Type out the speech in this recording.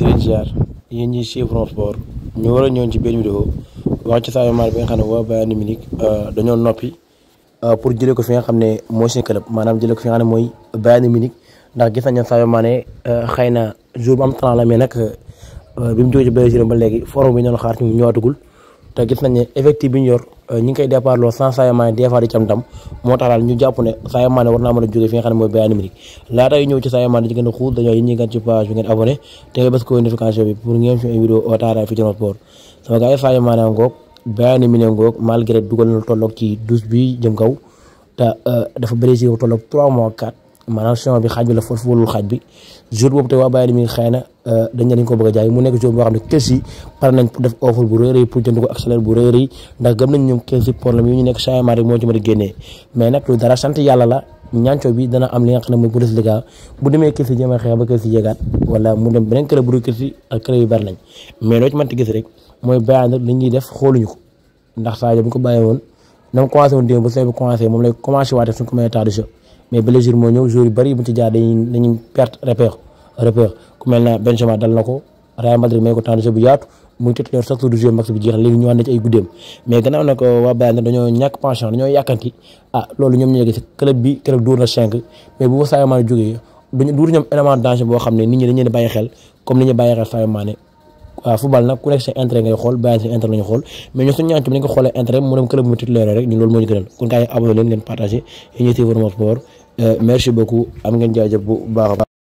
di leen ziar yéen ñi suivre sport ñu war a ñëw ci benn vidéo wax ci Sadio Mané bi nga xam ne waa Bayern Munich euh, dañoo noppi euh, pour jëlee ko fi nga xam ne mooy seen maanaam jëlee ko fi nga xam ne mooy ndax gis nañu Sadio Mané euh, xëy na jour bu am talent la mais nag bi mu jógee ci Brésil ba léegi forum bi ñu doon xaar ci mu ñëwaatugul te gis nañ ne bi ñu yor. Euh, ñi ngi koy départ lool sans Sadio Mané des di ci moo tax daal ñu jàpp ne Sadio Mané war naa mën a jóge fi nga xam ne mooy Bayern Munich laata yu ñëw ci Sadio Mané ci gën a xuus dañoo yéen ñi ngeen ci page bi ngeen abonné te nga bës ko notification bi pour ngeen fi ay vidéo au tara fi Sen Sport yi Sadio Mané ngoog Bayern Munich ngoog malgré dugal na tolloog ci douze bi jëm kaw te euh, dafa Brésil tolloog trois mois quatre maanaam saison bi xaaj bi la foofu wóorul xaaj bi jour boobu te waa Bayern mi xëy na euh, dañ ne dañ ko bëgg a jaay mu nekk jour boo xam ne Chelsea pare nañ def offre bu rëy rëy pour jënd ko ak salaire bu nga xam ne mooy Bundesliga mu dem beneen club bu ko bàyyi woon na mu commencé woon démb ba ko may état mais blessure moo ñëw joueurs yu bëri mu ci jaar dañuy dañuy perte na ko Real Madrid may ko temps de jeu bu yaatu muy titulaire chaque jour du jeu max bi jeex léegi ñu ci ay euh, ah, bi club dóor na 5 mais bu football nag ku nekk sa intérêt ngay xool Bayern seen intérêt la xool mais ñun suñu ñaan tamit dañ ko xoolee intérêt mu dem club mu titulaire rek ñun loolu moo ñu kon gars yi leen leen partagé et ñuy suivre Mon Sport Euh, merci beaucoup am ngeen jaajëf bu baax a baax